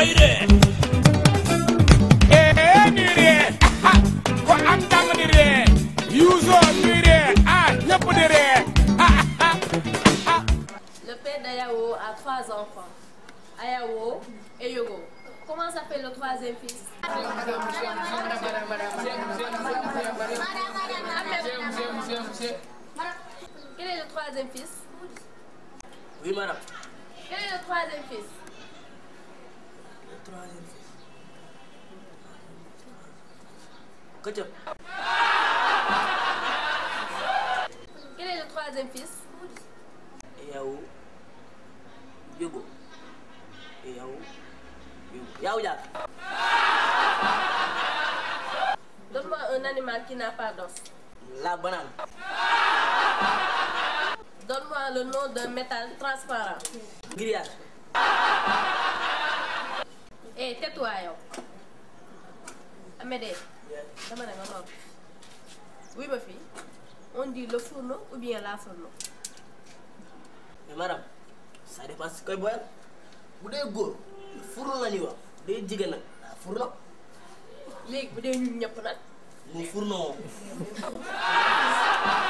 bay ee ñuy ko am jàng di ree yuusoo ñuy ree ah ñëpp di ree Le père d'Ayao a trois enfants Ayao et Yogo comment s'appelle le troisième fils Quel est le Ketchup. Quel est le troisième fils? Yao Diogo. Yao Diogo. Yao Diack. Donne-moi un animal qui n'a pas d'os. La banane. Donne-moi le nom d'un métal transparent. Grillage. Amédée dama nga ma fii on dit le fourneau ou bien la fourneau. mais madame ça dépend si koy boyal bu dee góor fourneau la ñuy bu dee jigéen nag la léegi bu dee ñun ñëpp nag. mu fourneau.